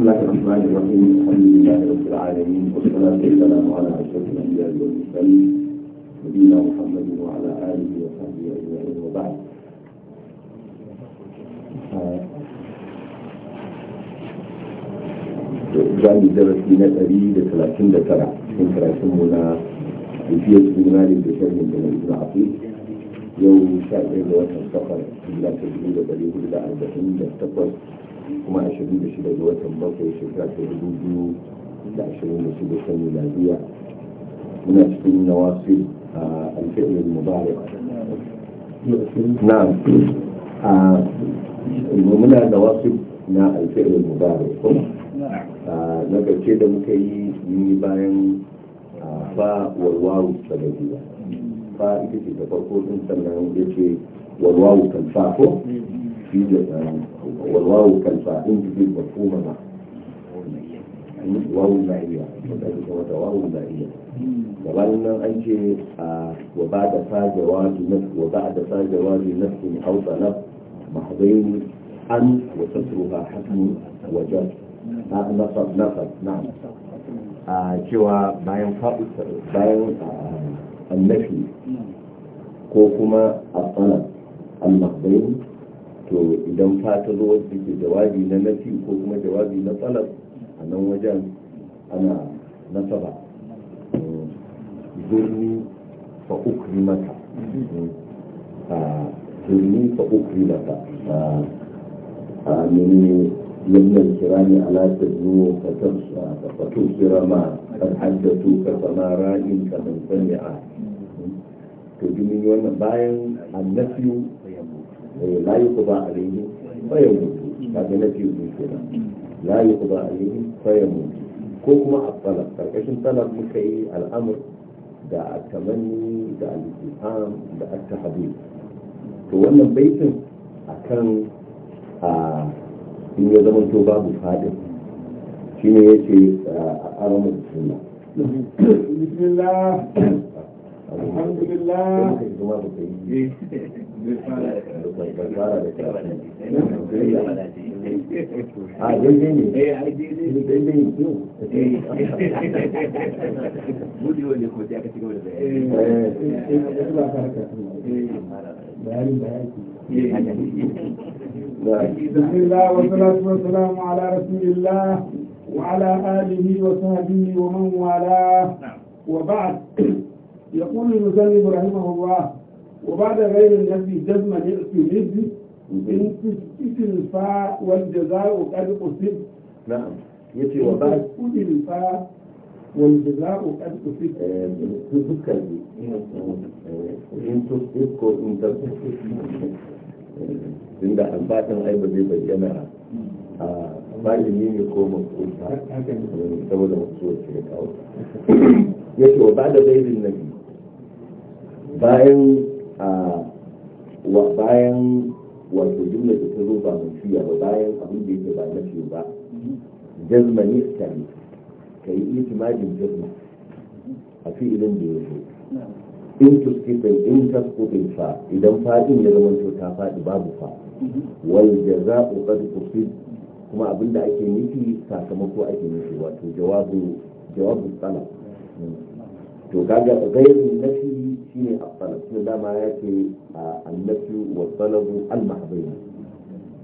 بسم الله الرحمن الرحيم الحمد لله رب العالمين والصلاة والسلام على أشرف الأنبياء والمرسلين نبينا محمد وعلى آله وصحبه أجمعين وبعد درس من الأبي لثلاثين لترى من ثلاثين هنا كيفية إيمان بشر من ابن عقيل يوم شهر وتنتقل إلى تجربة بريه إلى أربعين لتقوى kuma da shi daga watan bakwai shekara ta 2026 ta lafiya muna cikin wasu a alfi'il mubarak na muna wasu na alfi'il mubarak na karshe da muka yi ni bayan fa walwawu biya ba ita ce ta farko din sannan ya ce walwawu kan fa ko في والواو كالفاعل تفيد مفهوم ما wawu ma'iya wadanda kuma da wawu ma'iya gabanin nan an ce wa ba da fa jawabi wa ba da fa jawabi na sun hausa na mahadaini an wa tasruha hasmu wajen nasab nasab a cewa bayan bayan ko kuma a tsanan al to idan fata zo wadda ke jawabi na nafi ko kuma jawabi na tsalar a nan wajen ana nasaba zurni fa ukrimata zurni fa ukrimata a mene yamnan kirani ala tadnu fatu ma. kan haddatu ka ra'in ka man a to jimin wannan bayan annafiyu لا يقضى عليه فيموت هذا نفي الوجود لا يقضى عليه فيموت كما الطلب طيب ايش الطلب مكي الامر دا التمني دا الاتهام دا التحديد وانا بيت اكن ااا آه، ان يزم التوبة بفادر شين يتي آه، ارم بسم الله بسم الله الحمد لله بسم الله والصلاة والسلام على رسول الله وعلى آله وصحبه ومن والاه وبعد يقول المسلم رحمه الله وبعد غير النفي جزما يأتي مثل إن تسكت الفاء والجزاء قد أصب نعم يأتي وبعد تسكت الفاء والجزاء قد أصب تذكر إن تسكت إن تسكت tun da ambatan ai ba zai bayyana a malami ne ko mafuta saboda mafuta ce ya kawo ya ce wa ba da bayanin nabi bayan a bayan wato jimla da ta zo ba fiya ba bayan abin da yake ba mafi ba jazma ne ta yi ka yi itimajin jazma a fi'ilin da ya zo in tuskifin in ta bai fa idan fadin ya zama to ta fadi babu fa wal jaza'u qad qusib kuma abinda ake nufi sakamako ake nufi wato jawabu jawabu talab to kaga gairu nafi shine afsal tun dama yake annafi wa talabu al mahdain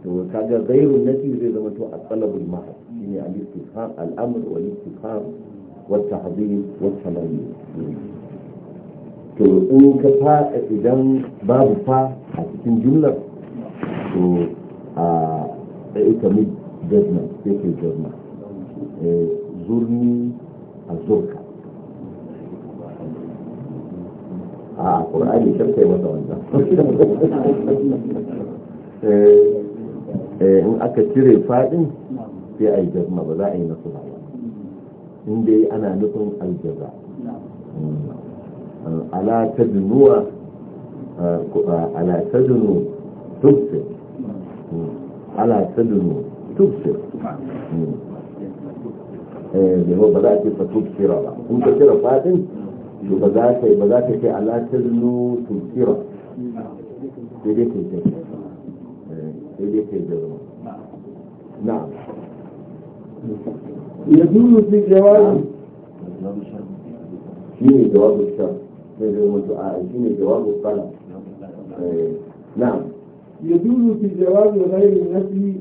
to kaga gairu nafi zai zama to al talabu al mahd shine al istifham al amr wal istifham wa tahdhib wa tamanni to in ka fa idan babu fa a cikin jumlar to a ita mu jazma sai ke jazma eh, zurni a zurka a ƙur'ani shakka yi masa wannan eh, eh, in aka cire faɗin sai a yi jazma ba za a yi nasu ba in dai ana nufin aljaza hmm. ala ta dunuwa eh, ala ta dunu tufsir hmm. ala ta dunu tufsir hmm. ba za a ce fa tufsira ba in ta cire faɗin to ba في ta ba za ta يجوز في جواب الشرط شيء جواب الطلب نعم يجوز في جواز غير النفي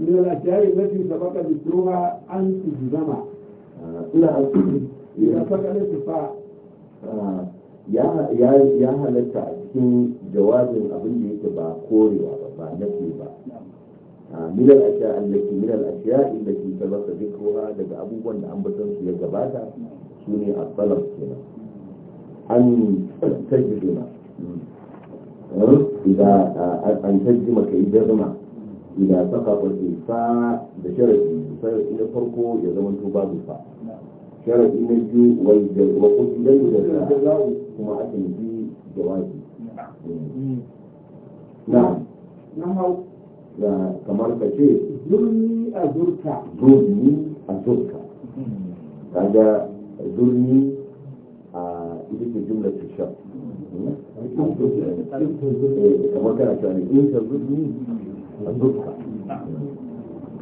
من الأشياء التي سبق ذكرها أن تجزم. نعم. إذا فقدت الفاء ya halatta a cikin jawabin abin da yake ba korewa ba ba nafi ba milar ashiya allaki milar ashiya inda ke sabasa kowa daga abubuwan da ambatan su ya gabata su ne a tsalar kenan an tajjima an tajjima ka yi jirma idan saka kwasi fa da sharafi sai na farko ya zama to babu fa كان في النجو والجو وقلت لن يجزاء ثم أتم في جوازه نعم نعم لا كمان كشيء زرني أزرك زرني أزرك هذا زرني آه، إذا في جملة في الشرط كمان كان عشان إنت زرني أزرك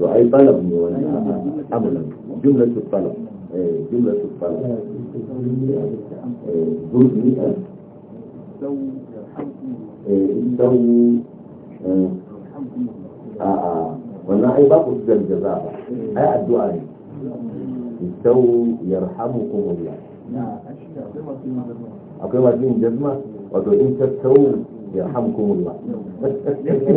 وأي طلب من أبلغ آه، آه، جملة الطلب جملة الطلب جزء مئة استو يرحمكم الله آآ آآ والنعي باقصد الجزابة آية الدعاء استو يرحمكم الله نعم أشياء أقوى دين جزمة وقال إنت استو يرحمكم الله دائما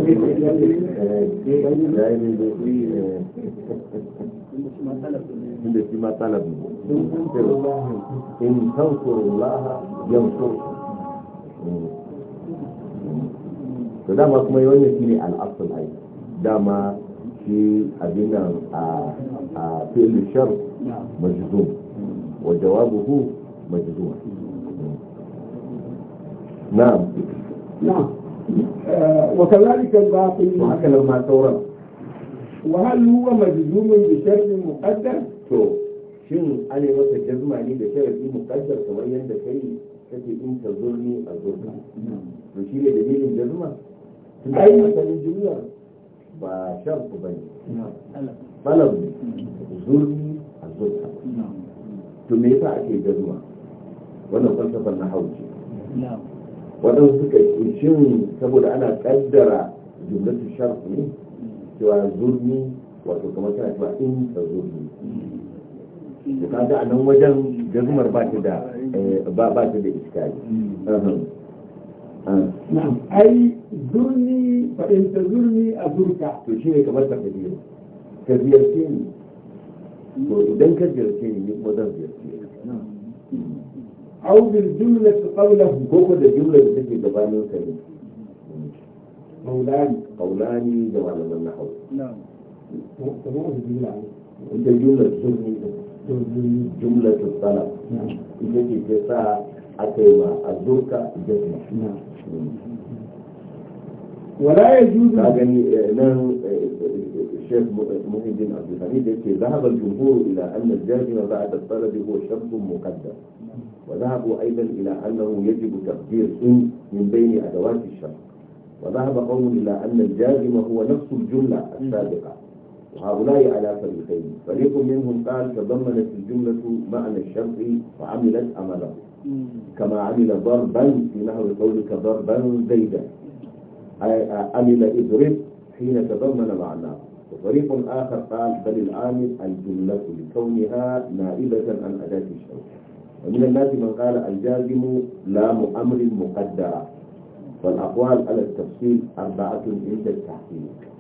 دائما دائما من الذي ما إن تنصر الله ينصر فدام أكما يوين يكيني على الأصل أي دام في أبينا آه، آه، في الشر مجزوم وجوابه مجزوم نعم نعم آه، وكذلك الباقي وهكذا ما تورد وهل هو مجزوم بشر مقدر to shin ana masa jazma ne da sharafi mukaddar kamar yadda kai kake in ta zurni a zurna to shi ne dalilin jazma ba sharfu bane ne mm. zurni a zurna to me yasa ake jazma wannan falsafar na hauce waɗansu suka shin saboda ana kaddara jumlatu sharf ne mm. cewa zurni wato kamar tana cewa in ta zurni mm. da kaga a nan wajen jazumar ba ta da eh, ba ba ta da iskari mm. na'am ai zurni fa in zurni a zurka to shi ne kamar ta biyu ka ziyarce ni to idan ka ziyarce ni ni kuma zan ziyarce au bil jumlati qawluhu ko ko da jumla da take gabanin ka ne قولان قولان جواز النحو نعم تمام الجملة عندك جملة تسمي جملة الطلب نعم التي ta sa aka yi نعم ولا يجوز jasma wala آه، نعم، آه، آه، الشيخ محي الدين عبد الحميد ذهب الجمهور إلى أن الجازم بعد الطلب هو شرط مقدم نعم. وذهبوا أيضا إلى أنه يجب تقدير إن من بين أدوات الشرط وذهب قوم إلى أن الجازم هو نفس الجملة نعم. السابقة وهؤلاء على فريقين فريق منهم قال تضمنت الجملة معنى الشرط وعملت أمله كما عمل ضربا في نحو قولك ضربا زيدا عمل اضرب حين تضمن معناه وفريق آخر قال بل العامل الجملة لكونها نائبة عن أداة الشرط ومن الناس من قال الجازم لام أمر مقدرة والأقوال على التفصيل أربعة عند التحقيق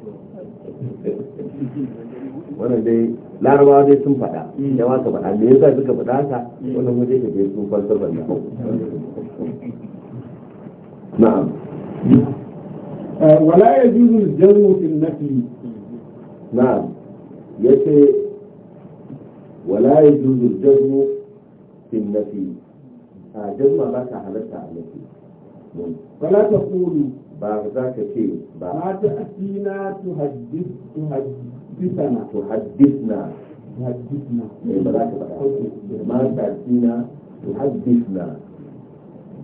wannan dai larabawa dai sun faɗa ya ma ka faɗa me yasa suka faɗa ka wannan mu dai kaje su falsafar da na'am eh, wala ya ji zuwa fi nafi na'am ce wala ya ji zuwa fi nafi a ah, jazma ba ta halatta a nafi wala kuru ba za ka ce ba ma ta asina tuhaddis tuhaddisana tuhaddisna tuhaddisna eh ba za ka faɗa ma ta asina tuhaddisna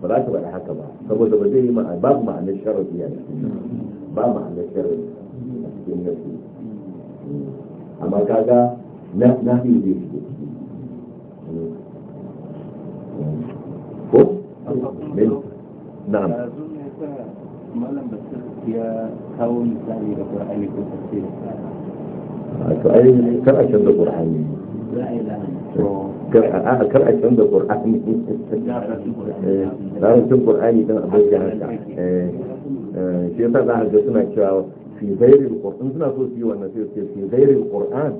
ba za ka faɗa haka ba saboda ba zai yi ma'ana babu ma'anar sharadi a cikin ba ma'anar sharadi a cikin nasi amma kaga na na fi zai shigo ko na'am ya kawo misali da qur'ani ko tafsiri to ai kar a canza qur'ani kar a canza qur'ani larabcin qur'ani dan abin da haka shi yasa za a ga suna cewa fi zairil qur'an suna so su yi wannan sai su ce fi zairil qur'an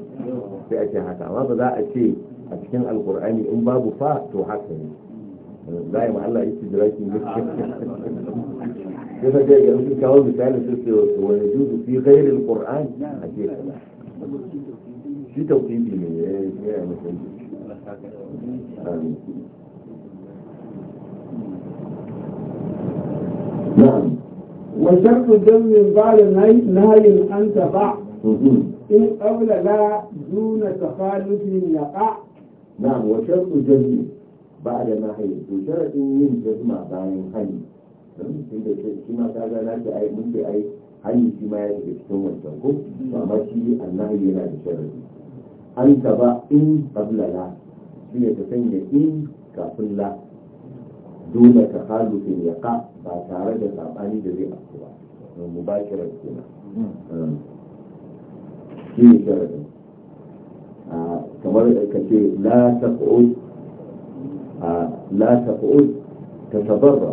sai ake haka amma ba za a ce a cikin alqur'ani in babu fa to haka ne za a yi ma Allah istidraki ne كيف جاي قالوا في كاول مثال ويجوز في غير القرآن نعم. أكيد في توقيت نعم وشرط من بعد نهي أن تقع إن قول لا دون تخالف يقع نعم وشرط جمع بعد نهي وشرط من جزمة بعد نهي tun da shi ma ta gana ta ai mun ce ai hanyar shi ma ya shiga cikin wancan ko amma shi annahi yana da sharadi an gaba in qablala shi ne ta sanya in kafin la dole ka halufin yaqa ba tare da sabani da zai afku ba mubashirar kenan hmm. shi ne sharadin kamar ka ce la taqud la taqud tatabarra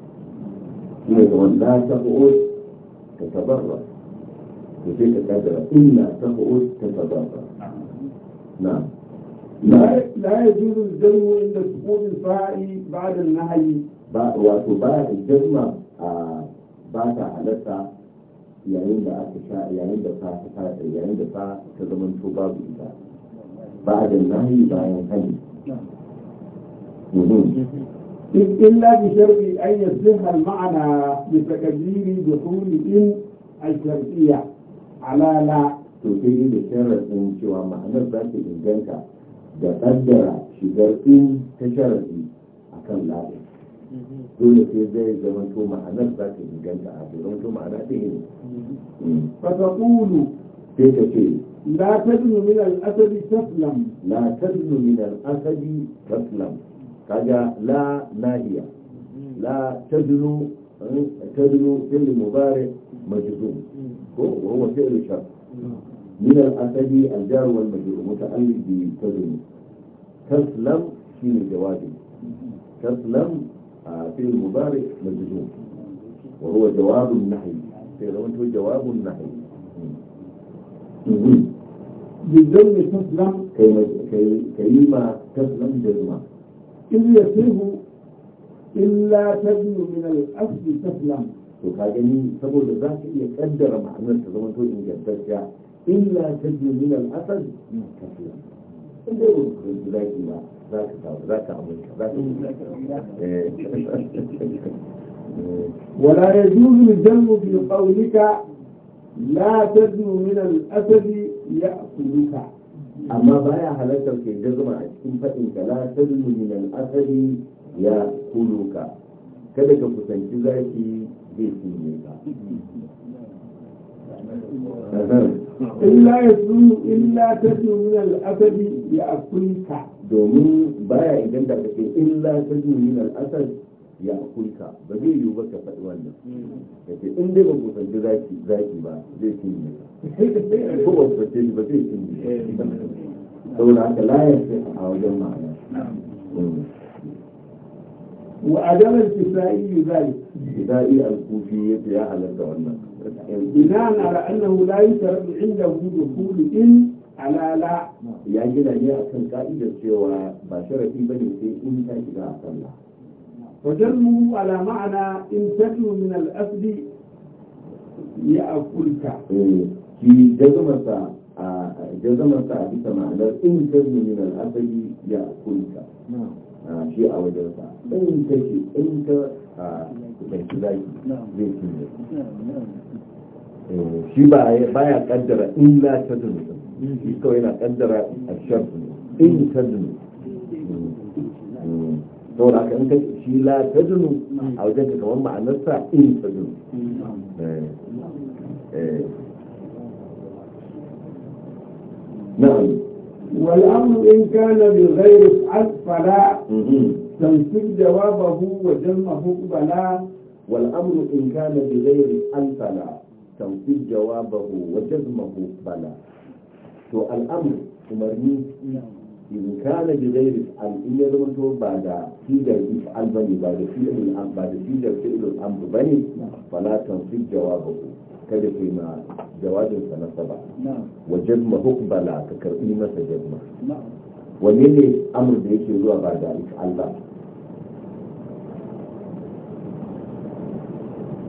ايضا لا تقعد تتبرع وفيك تدرى الا تقعد تتبرع نعم لا يجوز الجزم عند سقوط الفاعل بعد النهي وتباع وتباعد الجزم على الساعة يعني عند اكتشاء يعني عند صاحب يعني عند صاحب تزمن شباب بعد النهي بعد النهي نعم. مهم إلا بشرط أن يصح المعنى بتكبير دخول إن الشرطية على لا تفيد بشرط إن شوى معنى ذات الجنكة تقدر شجر إن تشرط أكم لا دون في ذي زمن شو معنى ذات الجنكة أبدون شو معنى تهين فتقول تكتير لا تدن من الأسد تسلم لا تدن من الأسد تسلم kaga la nahiya la tadlu tadlu fil mudari majzum ko wa huwa fi'l shart min al-asadi al-jar wal majrur muta'alliq bi tadlu taslam fi jawabi taslam fil mudari majzum wa huwa jawab an-nahy sai rawantu jawab an-nahy بالذنب تسلم كي كي كيما تسلم جزمه إن يسره إلا تبن من الأصل تسلم وكاجني سبب ذاك يقدر معنى تزمن تو إن جدتك إلا تبن من الأصل تسلم إذا قلت ذاك ما ذاك ذاك عملك ذاك إيه. ولا يجوز الجم في قولك لا تبن من الأسد يأكلك amma baya halartar kai gazuma a cikin faɗin kala la asali ya kuluka kada ka kusanci zaki zai cinye ka illa ya sunu illa ta asali ya ka domin baya idan da kake illa ta min asali ya hukunta ba zai yiwu ba ka faɗi wannan ya ce in dai ba ku sanji zaki zaki ba zai cinye ko ba ku sanci ba zai cinye na haka layar sai a wajen ma'ana wa adalar zai. yuzali kisa'i al-kufi yace ya halatta wannan idan ara annahu la yusarru inda hudu in alala ya gina ne kan ka'idar cewa ba sharafi ne sai in ta shiga a sallah فدمه على معنى إن تتلو من الأسد يأكلك في جزمة جزمة بس معنى إن من الأسد يأكلك shi a wajensa in ka ce in ka ɗanki zaki zai cinye shi ba ya kaddara in la ta zunuta shi kawai na kaddara a sharfi in ta zunuta saboda haka شي لا shi la ta dunu مع wajen ان kamar ma'anarsa in نعم والأمر إن كان بغير افعل فلا تمسك جوابه وجمه بلا والأمر إن كان بغير افعل فلا تمسك جوابه وجزمه بلا تو الأمر أمرني إذا كان بغير فعل إن يرمتو بعد فيدر إفعل بني بعد فيدر الأمر بعد فيدر فعل الأمر بني فلا تنصب جوابه كده ما جواب فنصبع نعم وجدم هقبلا كرئيمة جدم نعم ومن الأمر بيك يروى بعد إفعل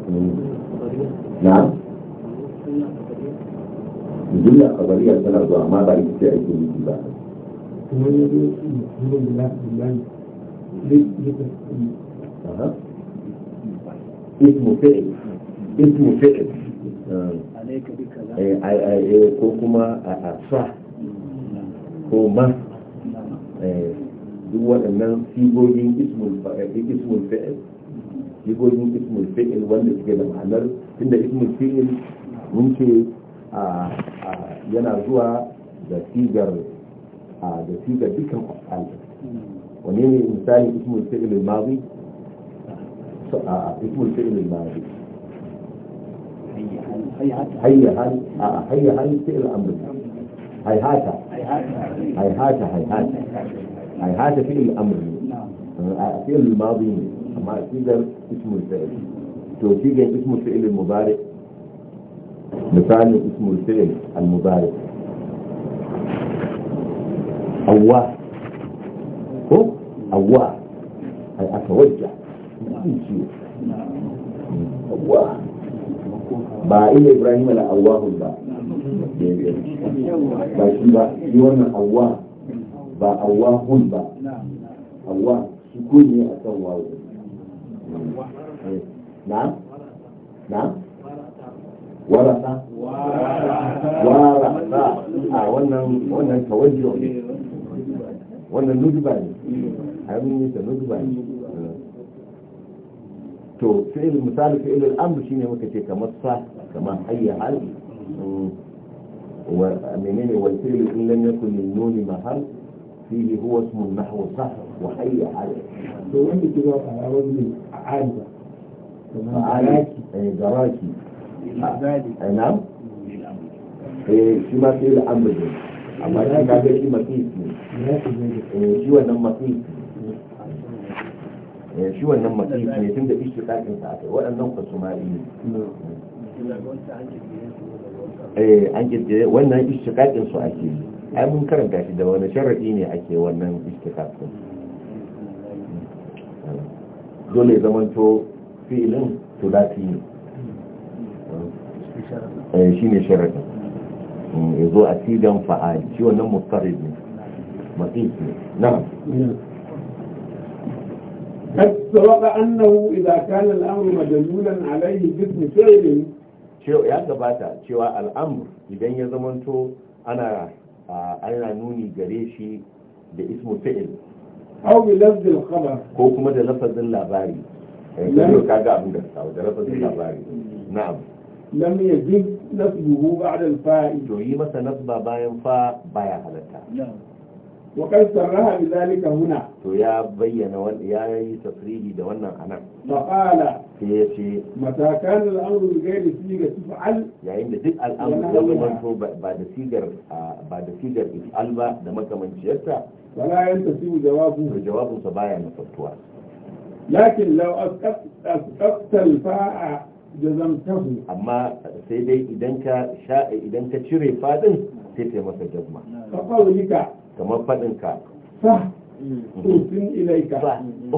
بني نعم جملة قضية سنة ما بعد إفعل بني kuma ya zo mutumin da lafi zai yi ta ismu fi'il ismu fi'il ko kuma a sa ko ma duk waɗannan sigogin ismul fi'il sigogin ismul fi'il wanda suke da ma'anar tunda ismul fi'il mun ce yana zuwa da sigar da shi ga dukkan af'al wani ne misali ismul fi'il al-madi اسمه الفعل الماضي هيهل هيهل فعل امر هيهاتا هيهاتا هيهاتا هيهاتا فعل امر فعل الماضي اما اذا اسم الفعل توفيقا اسم الفعل المضارع مثال اسم الفعل المضارع awwa ko awwa ai aka wajja ciwo awwa ba iya ibrahim ala awwahu ba ba shi ba yi wannan awwa ba awwahun ba awwa shi ne a kan wawo na na warasa warasa a wannan wannan tawajjuh ne wannan nutba ne abin yi ta nutba ne to fi'il misali fi'il al'amr shine muka ce kamar sa kamar hayya hal wa menene wal fi'il in lam yakun min nun mahal fihi huwa ismun nahwu sah wa hayya hal to wanda ke ba fara wani a'ada fa'alaki eh garaki na'am eh shi ma fi'il al'amr ne amma shi ka ga shi masis ne eh, shi wannan masis ne eh, shi wannan masis ne tun da ishi ɗakin sa aka waɗannan kwasumari ne eh, an kirkire wannan ishtiƙaƙin su ake ai mun karanta shi da wani sharaɗi ne ake wannan ishtiƙaƙin dole zamanto fi'ilin tulafi ne shi ne sharaɗin ya zo a cidan fa'ali shi wannan mustarid ne matis ne na'am قد سبق أنه إذا كان الأمر مدلولا عليه fi'lin فعل ya gabata cewa al'amur idan ya zamanto ana ana nuni gare shi da ismu fi'il aw bi lafzi al khabar ko kuma da lafazin labari eh kaga abin da sau da lafazin labari na'am lam yajib nasbuhu ba'da al-fa'i to yi masa nasba bayan fa baya halatta wa qad sarraha bi dhalika huna to ya bayyana wannan ya yi tasrihi da wannan anan fa qala sai ce mata kana al siga taf'al yayin da duk al'amru ya zamanto ba da sigar ba da sigar if'al ba da makamanciyarta wala yantasibu jawabu baya na lakin faa amma sai dai idan ka sha idan ka cire fadin sai kai masa jazma kamar fadin ka uhsin mm-hmm. ilaika mm-hmm.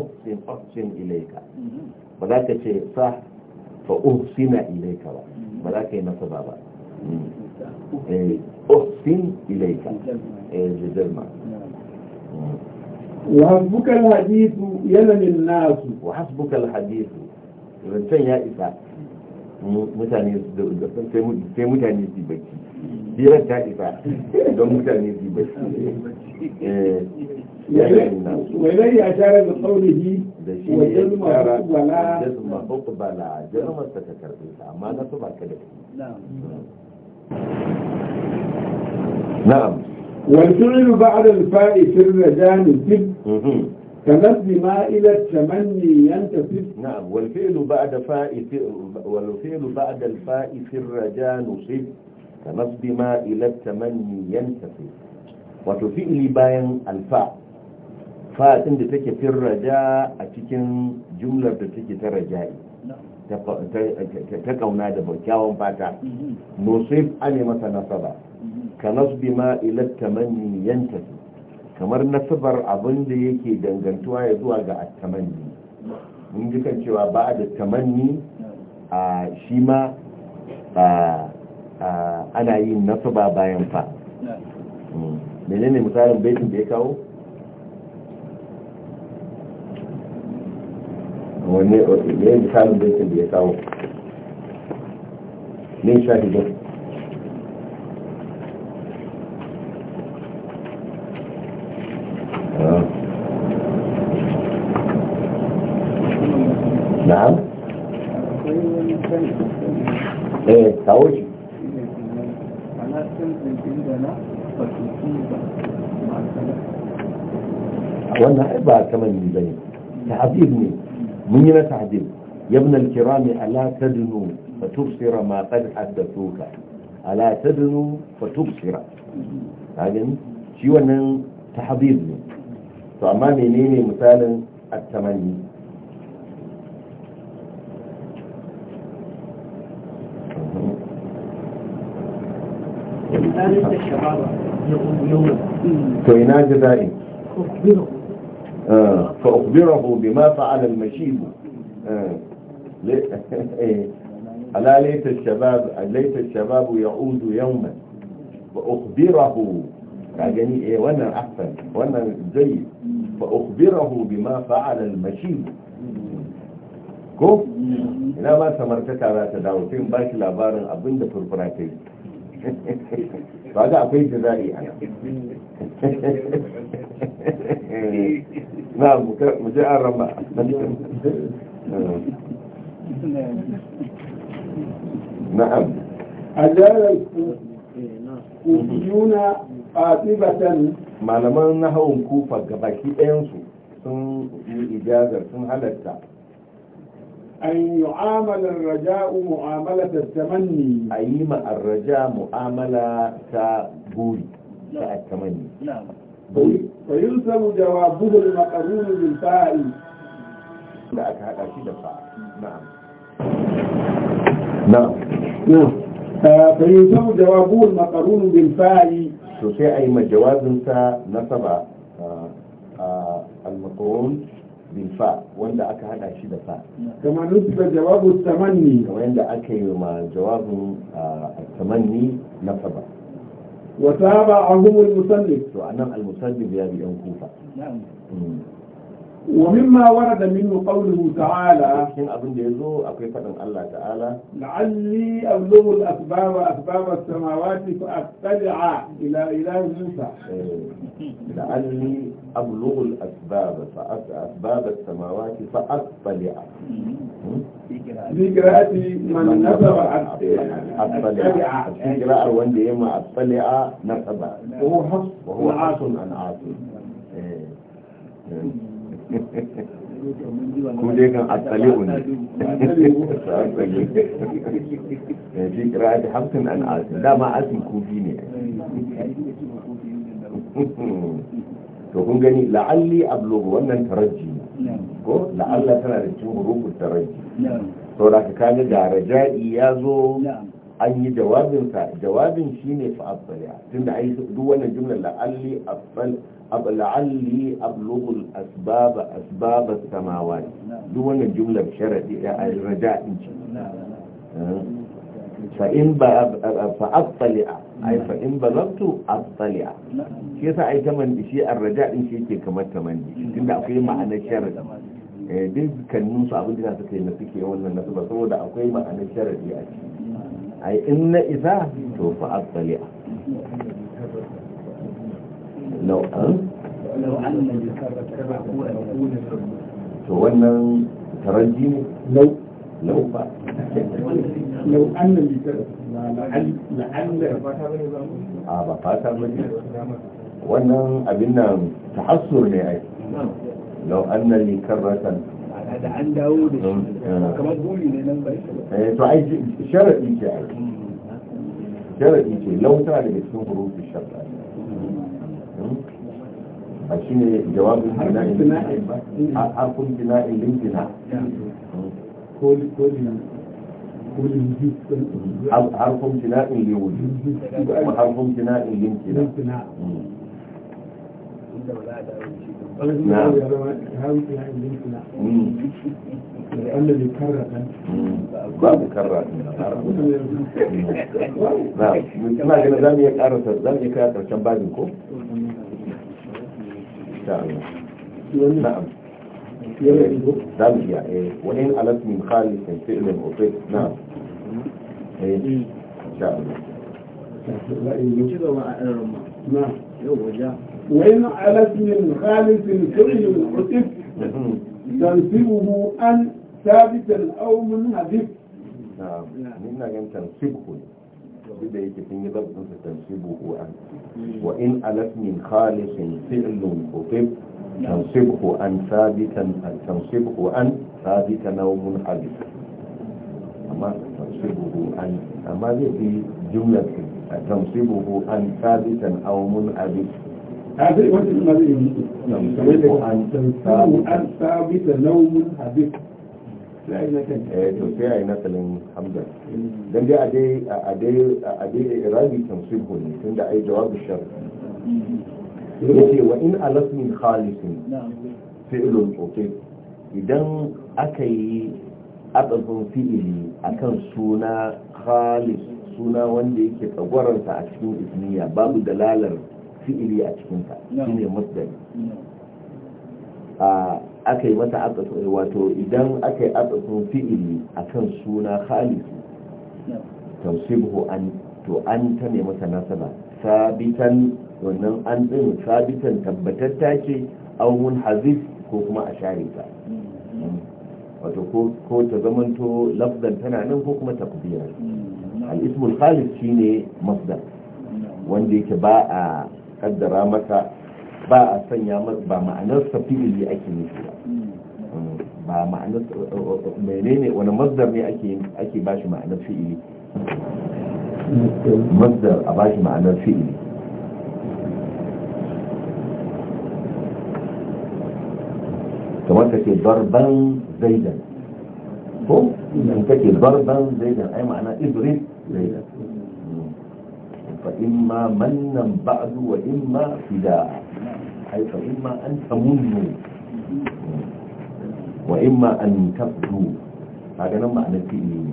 mm-hmm. ba za ka ce sa fa uhsina ilaika ba ba za ka yi nasa ba ba uhsin ilaika eh jazma وحسبك الحديث يلن الناس وحسبك الحديث رجل يا isa mutane sai mutane su bacci hirar ta isa don mutane su bacci وإليه أشار بقوله وجزم مقبلا جزم مقبلا جرم السككر بيسا ما نصب كده نعم نعم والفعل بعد الفاء في الرجال تب كلفظ ما إلى التمني ينتسب نعم والفعل بعد فاء والفعل بعد الفاء في الرجاء نصب كلفظ ما إلى التمني ينتسب وتفعل بين الفاء فاء عند تك في الرجاء أتكن جملة تك ترجاء تكونا دبكاون فاتا نصب أني مثلا نصبا كنصب ما إلى التمني ينتسب kamar nasabar abin da yake dangantuwa ya zuwa ga attamanni mun ji kan cewa ba da tamanni a shi ma ana yin nasaba bayan fa hmm. menene misalin baitin da ya kawo wane misalin baitin da ya kawo ne shahidin kawo shi wannan ai ba tamanni bane ta'zib ne mun yi na ta'zib yabna al-kirami ala tadnu fa tubsira ma qad haddathuka ala tadnu fa tubsira kagan shi wannan ta'zib ne to amma menene misalin at-tamanni to ina jaza'i fa ukhbirahu bima fa'ala ألا ليت الشباب ليت الشباب يعود يوما فأخبره يعني إيه وانا أحسن وانا جيد فأخبره بما فعل المشيب ko ina ma samartaka za ta dawo sai ba shi labarin abin da بعد في جزائي أنا يعني. نعم مك مجاء رما نعم, نعم. أجل كوفيون قاتبة ما لما نهوا كوفا قبل كي أنسو ثم إجازة ثم هلتا أن يعامل الرجاء معاملة التمني أيما الرجاء معاملة كبوي كالتمني نعم فيلزم جوابه المقرون بالفاعل لا هذا شيء نعم نعم نعم آه، فيلزم جوابه المقرون بالفاعل سوسي أيما جواب نصب آه، آه، المقرون fa wanda aka hada shi da fa kama nusiba jawabu tamanni aka yi ma jawabin tamanni na saba wa saba ahumul musallif to anan al musallif ya bi yan kufa mm. ومما ورد منه قوله تعالى لعلي أبلغ الأسباب أسباب السماوات فأطلع إلى إله موسى eh, لعلي أبلغ الأسباب أسباب السماوات فأطلع في قراءة من نسب أطلع في قراءة وندي يما أطلع نسب وهو حص وهو عاصم عن عاصم ku dai kan asali'u ne ya ji kira da hamsin an asin dama asin kufi ne to kun gani la'alli ablugu wannan taraji ko la'alla tana da cin hurufin taraji to da ka kaga ga raja'i ya zo an yi jawabinsa jawabin shi ne shine fa'asaliya tunda ai duk wannan jumlar la'alli ablugu la'alli ablugul asbaba asbaba samawati duk wannan jumlar sharadi a raja in ce fa in ba fa attali'a ai fa in balagtu attali'a shi yasa ai taman shi ar-raja in shi yake kamar tamanni tunda akwai ma'anar sharadi dukkanin su abin da suka yi na suke wannan nasu ba saboda akwai ma'anar sharadi a ciki ai in na isa to fa attali'a لو ان علم بالكره هو يكون في الموت تولى ترجي لو لو بقى لو علم بالكره لا لا علم لا علم بقى بقى تعمل ايه وانا ابينا تحصر لي اي لو ان لي كره هذا عن داود أه، أه. كمان بقول لي انا بقى ايه تعيد شرط يجي شرط يجي لو تعالى بتشوف في الشرط a shi ne jawabin jina'in harkun jina'in lintina harkun jina'in lewuji kuma harkun jina'in lintina الذي كرر باب كرر نعم ما قلنا ذلك أرسل ذلك كان بابكم شاء الله نعم دمج نعم، يعني إيه، وإن ألت من خالص الفعل فعل نعم نعم إن شاء الله نعم وإن ألت من خالف الفعل أطيب نعم. تنسبه أن ثابتا أو من منهدف نعم نعم أجل تنسبه duk da yake sun yi zaɓin su tansibu ko an wa in alaf min khalisin fi'lun kutib tansibhu an sabitan an sabita amma an amma zai fi eh to sai a yi nakalin hamza don dai a dai a dai a dai irabi tansibu ne tunda ayi jawabu shar yace wa in alasmi khalisin fi'lun okay idan aka yi adabin fi'ili kan suna khalis suna wanda yake tsagwararsa a cikin ismiya babu dalalar fi'ili a cikinsa shine masdar aka yi masa atsasu wato idan aka yi atsasu fi'ili kan suna khalisu tausibhu an to an ta ne masa nasaba sabitan wannan an din sabitan tabbatatta ce aw munhazif ko kuma a share ta wato ko ta zamanto lafzan tana nan ko kuma takdirar al-ismul khalis shine masdar wanda yake ba a kaddara masa ba a sanya ba ma'anar safi'ili ake nufi ba ba ma'anar menene wani masdar ne ake ake ba shi ma'anar fi'ili masdar a ba shi ma'anar fi'ili kamar ka ce barban zaidan ko in ka ce barban zaidan ai ma'ana idris zaidan fa imma mannan ba'du wa imma fida'a حيث إما أن تمنوا وإما أن تبدو هذا نمع نتيجة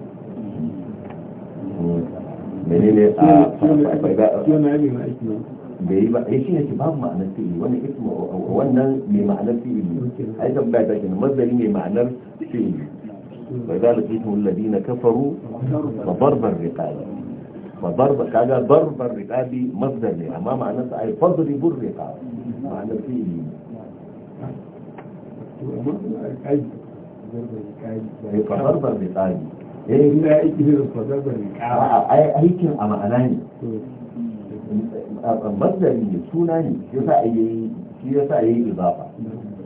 من اللي بيبقى ايه هي شيء اسمها معنى في وانا اسم وانا بمعنى في عايز ابدا ده ما ده ليه معنى في لذلك يقول الذين كفروا فضرب الرقاب ما بربا كاجا بربا رقابي مصدر لها ما معنى سأي فضل بر رقاب معنى فيه أي إيه؟ فضرب رقابي ايه ايكن اما اناني مصدر لي سوناني يسا ايه يسا ايه اضافة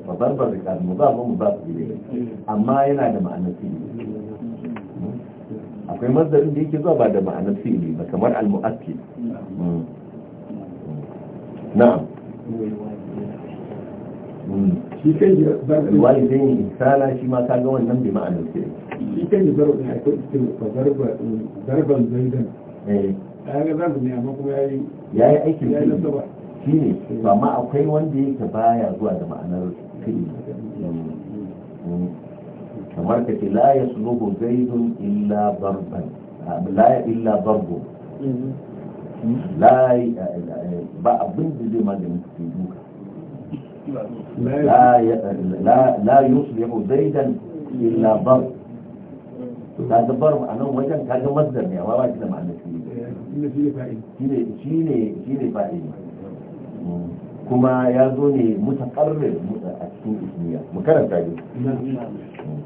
فضرب رقابي مضاف ومضاف لي اما ينا دمعنى فيه akwai mazdarin da yake zuwa ba da ma'anar fi'ili ba kamar al muakki hmm. na'am hmm. shi kan yi da wani zai yi sana shi ma kaga wannan bi ma'anar fi'ili shi kan yi zarban akwai zarban zaidan eh. ya ga zarban ne amma kuma ya yi aikin fi'ili shi ne amma akwai wanda yake baya zuwa da ma'anar fi'ili hmm. kamar ka ce la ya sunubu zaidun illa barban la illa barbu la ba abin da zai maganin ka sai duka la ya yuslihu zaidan illa barb ta ga barb a nan wajen ka ga masdar ne amma ba shi da ma'anar shi ne shi ne fa'ili kuma ya zo ne mutakarrir a cikin ismiya mu karanta ne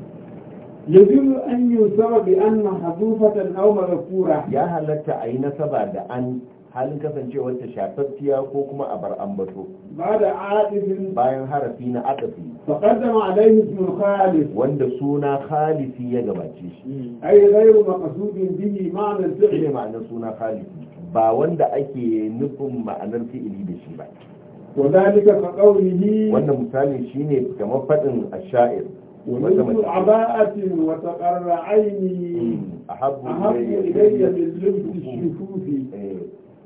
يجوز أن ينسب بأن محذوفة أو مذكورة يا هل أي نسبة أن halin kasancewar ta shafaffiya ko kuma a bar ambato bayan harafi na adafi faqaddama alayhi ismul khalif wanda suna khalifi ya gabace shi ay ghayru maqsudin bihi ma'na fi'li ma'na suna khalifi ba wanda ake nufin ma'anar fi'ili da shi ba to dalika ka qawlihi wannan misali shine kamar faɗin ash-sha'ir ومن عباءة وتقر عيني أحب إلي من لبس الشفوف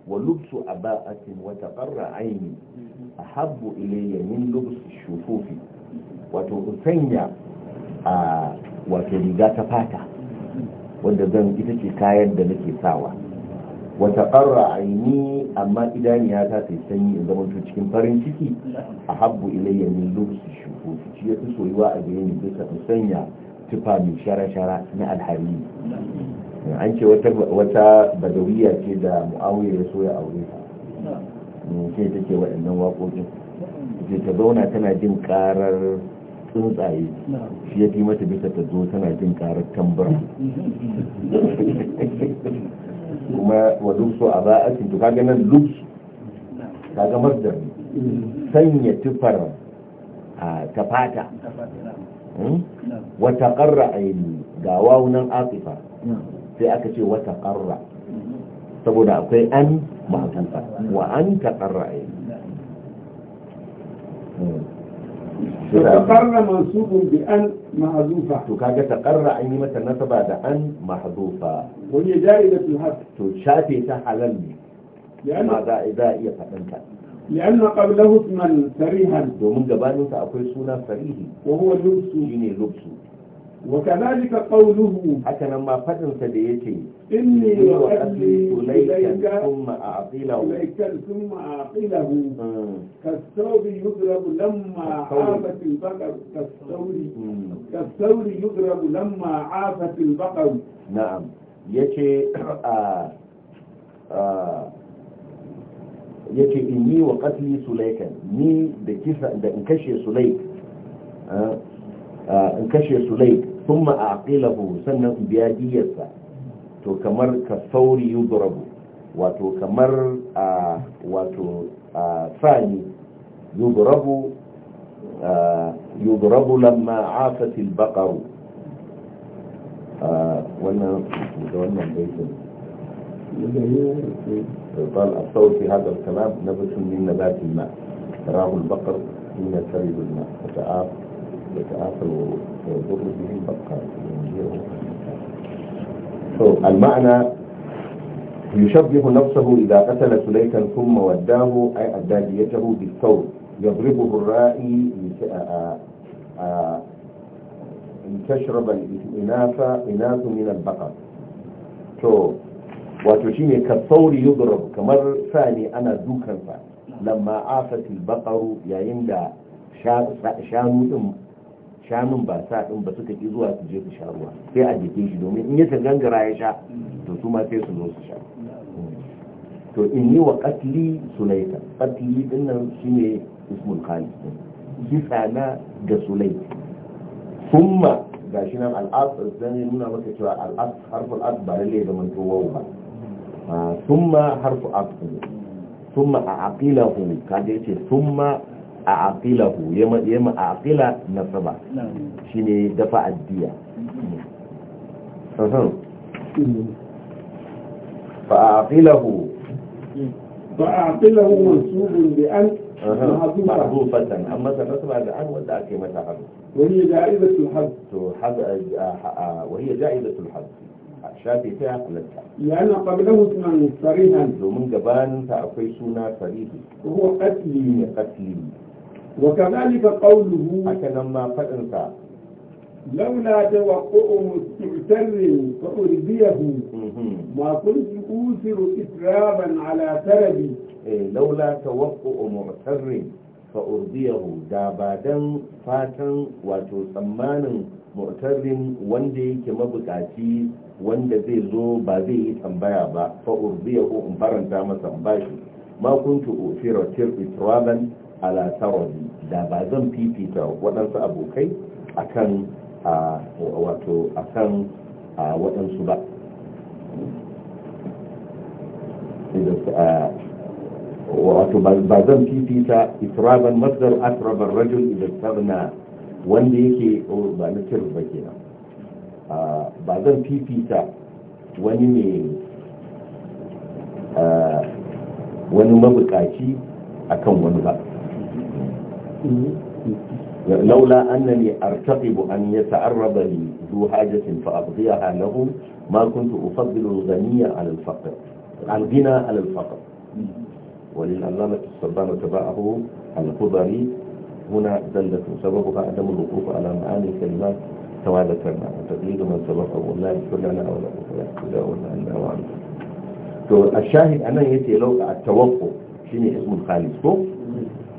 ولبس عباءة وتقر عيني أحب إلي من لبس الشفوف وتسنى wato riga ta fata wanda zan ita ce wata ƙarra aini amma idaniya ta ta sanyi in zama cikin farin ciki a habbu ilayya min lubsi shuhu ci ya fi soyuwa a gare ni bisa su sanya tufa mai shara-shara na alhari an ce wata badawiya ce da mu'awiyar ya so ya aure ta ce mm, ta take waɗannan waƙoƙin ce ta zauna tana jin ƙarar tsuntsaye shi ya fi mata bisa ta zo tana jin ƙarar tambara kuma wa lubsu a ba'atin to kaga nan lubsu kaga masdar sanya tufar a tafata hmm? wata ƙarra aini ga wawunan afifa sai aka ce wata ƙarra saboda akwai an ma'atufa wa an ta ƙarra aini hmm. تقر منصوب بأن محذوفة تكاد تقر أن متى نصب أن محذوفة وهي جائزة الحد تشافي تحلل لأن ماذا إذا هي فتنك لأن قبله اسما سريحا ومن قبله سأقول سونا سريه وهو لبس يني لبس وكذلك قوله هكذا ما فتن سديتي إني وأدي إليك ثم أعطيله إليك ثم أعطيله كالثور يضرب لما عافت البقر كالثور كالثور يضرب لما عافت البقر نعم يتي آه آه yace inni wa qatli sulaykan ni da kisa da in kashe sulayk in kashe sulayk ثم أعقله سنة بيادية تو كمر كالثور يضرب وتو كمر آه، وتو آه، ثاني يضرب آه، يضرب لما عافت البقر وانا وانا طال الثور في هذا الكلام نبت من نبات الماء تراه البقر حين ترد الماء فتعاف يتعاطوا ويضروا به البقال المعنى يشبه نفسه إذا قتل سليكا ثم وداه أي أداجيته بالثور يضربه الرائي لتشرب الإناث إناث من البقر تو وتشيني كالثور يضرب كمر ثاني أنا ذوكا لما عافت البقر يا يعني إندا شانو shanun ba sa din ba suka ki zuwa su je su sha ruwa sai a jike shi domin in ya gangara ya sha to su ma sai su zo su sha to in yi wa katli sulaita katli din nan shine ismul khalid kisa na ga sulait summa shi nan al'as zan nuna maka cewa al'as harful as ba lalle da manto wawu ba summa ah, harfu as summa a hu kaje yace summa a'aqilahu yamma a'aqila nasaba shine dafa addiya فأعقله فأعقله منصوب بأن محذوفة أما سنسمع الآن ولا كلمة حذف وهي جائزة الحذف أه، أه، أه، وهي جائزة الحذف شافي فيها قلتها لأن قبله اسما صريحا ومن جبان فأقوي سنة صريحي وهو قتلي قتلي wa kadhalika qawluhu haka nan ma fadin sa laula tawaqqu mustatarri fa urdiyahu ma kuntu usiru itraban ala tarabi laula tawaqqu mu'tarri fa urdiyahu da ba dan fatan wato tsammanin mu'tarrin wanda yake mabukaci wanda zai zo ba zai yi tambaya ba fa urdiyahu in faranta masa bashi ma kuntu usira tir itraban ala tawari da ba zan fifita waɗansu abokai akan wato kan waɗansu ba wato ba zan fifita israban masdar asraban rajul idan sabna wanda yake ba na ba ke nan ba zan fifita wani ne wani mabukaci akan wani ba لولا أنني أرتقب أن يتعرض لي ذو حاجة فأبغيها له ما كنت أفضل الغني على الفقر الغنى على الفقر وللعلامة السبان تبعه الخضري هنا دلت سببها عدم الوقوف على معاني الكلمات توالت تقليد من سبقه والله كلنا أو لا يكلنا أن أوعى الشاهد أنا يتي لو التوقف شنو اسم الخالد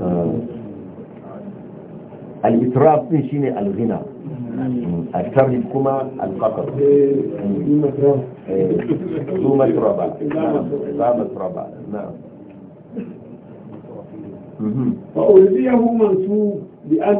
آه. الإتراف من شين الغنى أكثر لكما الفقر إيه، ذو مترابة إيه، ذو مترابة نعم وأولديه نعم. منصوب لأن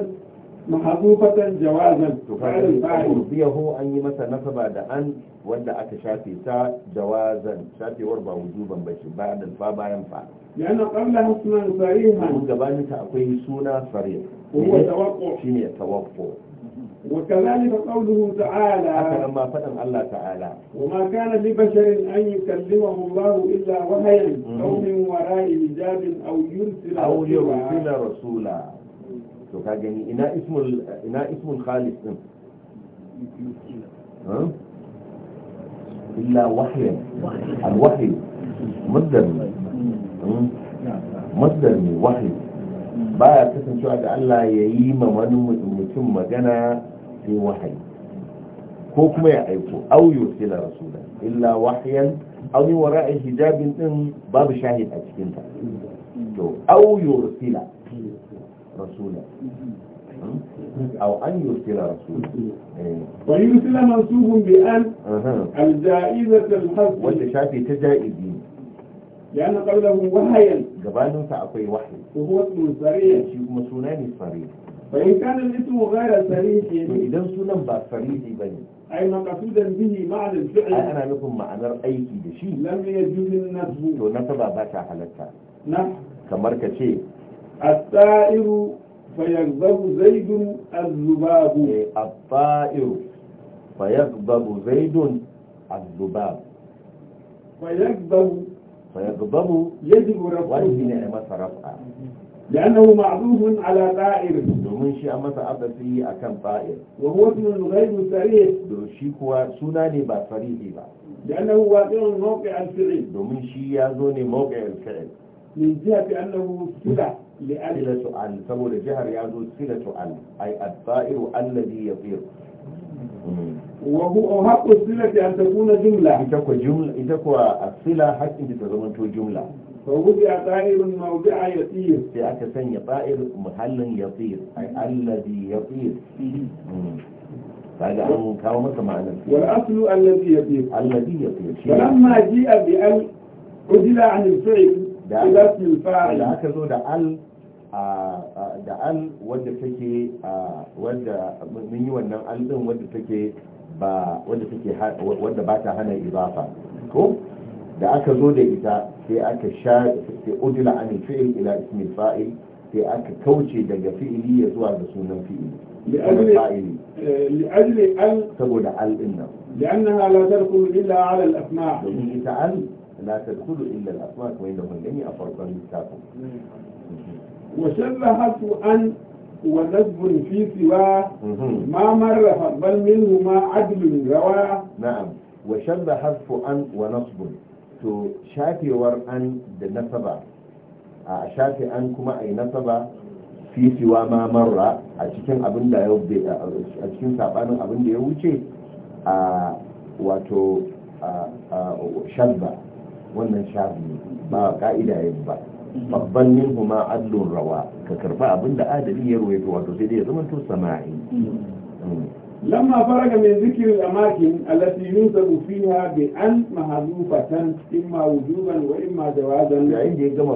mahazufatan jawazan fa'irin fa'il biyahu an yi masa nasaba da an wanda aka shafe ta jawazan shafewar ba wujuban ba shi bayan alfa bayan fa yana qabla hasman sarihan gabanin ta akwai suna sarih huwa tawaqqu shine tawaqqu وكذلك قوله تعالى لما فتن الله تعالى وما كان لبشر أن يكلمه الله إلا وحيا أو من وراء حجاب أو يرسل أو يرسل rasula. تو کہا گئی انا اسم ال... انا اسم الخالص ہاں الا وحي الوحي مصدر مصدر وحي با تكن شو ده الله ييما من متم متم مغنا في وحي ko kuma ya او auyo sila rasula illa wahyan aw ni wara'i hijabin din babu او يرسل رسولا أو أن يرسل رسولا إيه. وان يرسل منصوب بأن الجائزة الحظ وانت شافي تجائزين لأن قبله وحيا جبانه تعطي وحي وهو اسم صريح شيء مسوناني صريح فإن كان الاسم غير صريح يعني إذا سنن با صريح بني أي مقصودا به معنى الفعل أنا لكم معنى رايتي بشيء لم يجوز النسب ونسب باتا حلتها نعم كمركة شيء الطائر فيغضب زيد الذباب الطائر فيغضب زيد الذباب فيغضب فيغضب يجب رفعه وجه رفعه لأنه معروف على طائر domin shi an masa abasi a kan fa'il wa huwa ismun ghairu sarih kuwa suna ne ba sarihi ba da annahu waqi'un mawqi' al domin shi ya zo ne mawqi' al-fi'l من جهة أنه سلة لأن سؤال أن سبول جهر يعزو سلة أن أي الطائر الذي يطير وهو حق السلة أن تكون جملة كو جملة كو السلة حتى أنت تزمنتو جملة فهو طائر موضع يطير في أكسن طائر محل يطير أي الذي يطير هذا أن كاو مكة معنى والأصل الذي يطير الذي يطير فلما جاء بأل عدل عن الفعل da aka zo da al da al wadda take wadda mun yi wannan al din wadda take ba wadda take wadda ba ta hana idafa ko da aka zo da ita sai aka sha sai udila an fi'il ila ismi fa'il sai aka kauce daga fi'ili ya zuwa ga sunan fi'ili لأجل ال eh, saboda al din nan لأنها لا تدخل إلا على الأسماء domin ita la tadkhulu illa al-asma kamar yadda a farkon littafin wa sharrahatu an wa nazbun fi siwa ma marra ma adlun rawa na'am wa sharrahatu an wa nasbun to shafewar an kuma a yi nasaba fi siwa a cikin saɓanin abin da ya wuce wato shadda wannan shafi ba ka'ida ya ba babban min kuma adlun rawa ka karba abin da adali ya ruwaito wato sai dai ya zama to sama'i hmm. lamma faraga min zikri al-amakin allati yunzabu fiha bi an mahdufatan imma wujuban wa imma jawazan yayin da ya gama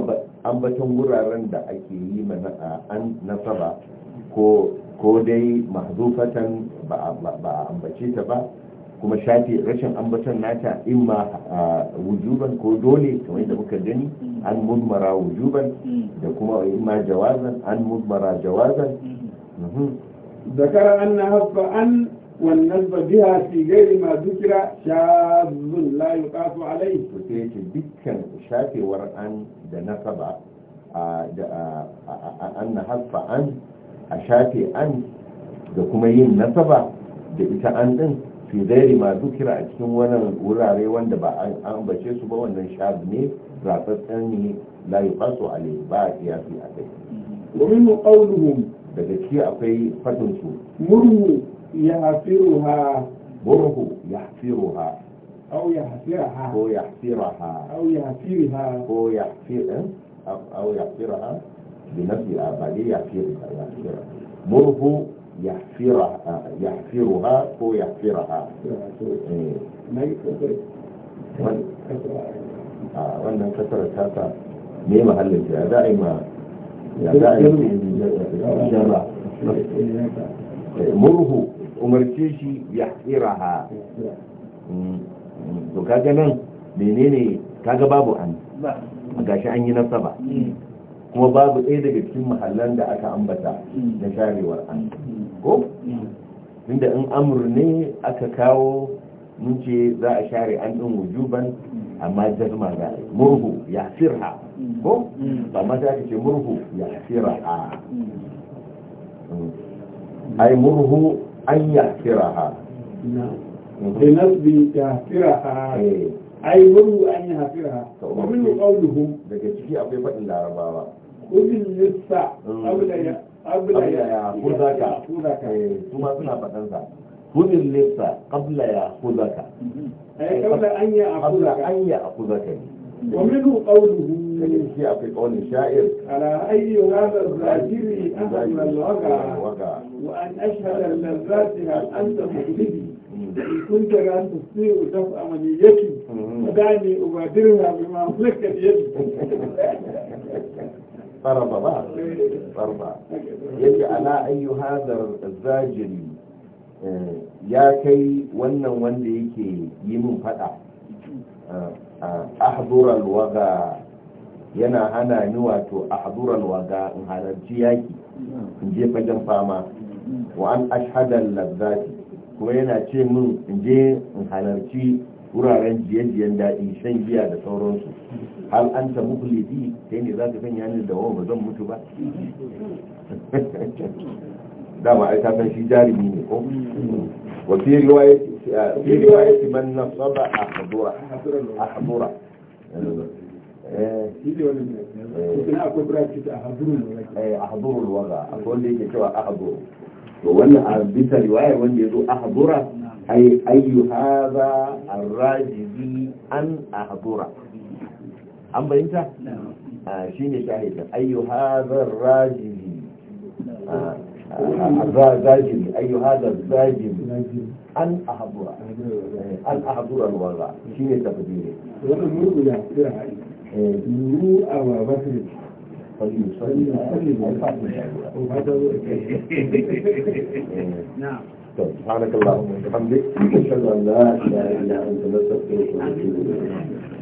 ambaton guraren da ake yi mana an nasaba ko ko dai mahdufatan ba ba ambace ta ba kuma shafi rashin ambaton nata in ma wujuban ko dole kamar da muka gani an mudmara wujuban da kuma in ma jawazan an mudmara jawazan Da mhm. zakara anna haɓɓa an wannan biha fi gairi ma dukira, sha zun layu yuqafu alai to sai ce dukkan shafewar an da nasaba a na haɓɓa an a shafe an da kuma yin nasaba da ita an din fidari gairi ma zukira a cikin wannan wurare wanda ba an ambace su ba wannan shab ne ratsatsen ne la yuqasu alayhi ba qiyasi akai wa min qawluhum daga ciki akwai fadin su murhu ya ha. murhu yahfiruha aw ha. ko ya yahfiraha aw ha. ko ya eh? yahfiraha aw ha. bi ya abadi yahfiraha murhu يحفرها هو يحفرها wannan kasar tasa ne mahallin ya za a yi ma ya za a yi jara murhu umarce shi ya to menene babu gashi an yi nasaba kuma babu ɗaya daga cikin mahallan da aka ambata na sharewar an ko inda in amur ne aka kawo mun ce za a share an ɗin wujuban amma jazma za a murhu ya sirha ko ba mm. ma za ka ce murhu ya sirha mm. ai murhu an ya sirha بنصب تهفرها أي مروا أن يهفرها ومنه قولهم daga ciki akwai faɗin larabawa kudin mm. lissa abu da ya abla ya huzaka kuma suna faɗansa hudin lissa abla ya huzaka قبل أن يأخذك قبل أن يأخذك ومنه قوله شيء في قول الشاعر على أي هذا الذاكر أهل الوقع وأن أشهد اللذات هل أنت مخلدي إن كنت أن تستطيع دفع عمليتي فدعني أبادرها بما أملك يدي ضرب با ضرب يجي على أي هذا الزاجر يا كي ونن وند يكي يمن فدا أحضر الوغى yana hana ni wato a hadurar waga in halarci yaki in je fagen fama wa an ashadar lazzati kuma yana ce min in je in halarci wuraren jiye-jiyen daɗi shan giya da sauransu هل أنت مخلدي تاني ذاك بني يعني أن الدوام بزن متبا دا ما عيسا من شي جاري مينيكو وفي رواية في رواية من نصب أحضورة إيه، أحضورة أحضور الوضع أقول لي كتوى أحضور وانا بيسا رواية وانا يدو أحضورة أي أي هذا الراجل أن أحضوره an bayinta shi ne shahidin ayyu hadar rajili zajili ayyu hadar zajili an ahabura an ahabura wala shi ne tafdiri wannan murgu da kira nuru a babasir فليصلي نعم سبحانك اللهم وبحمدك اشهد ان لا اله الا انت نستغفرك ونتوب اليك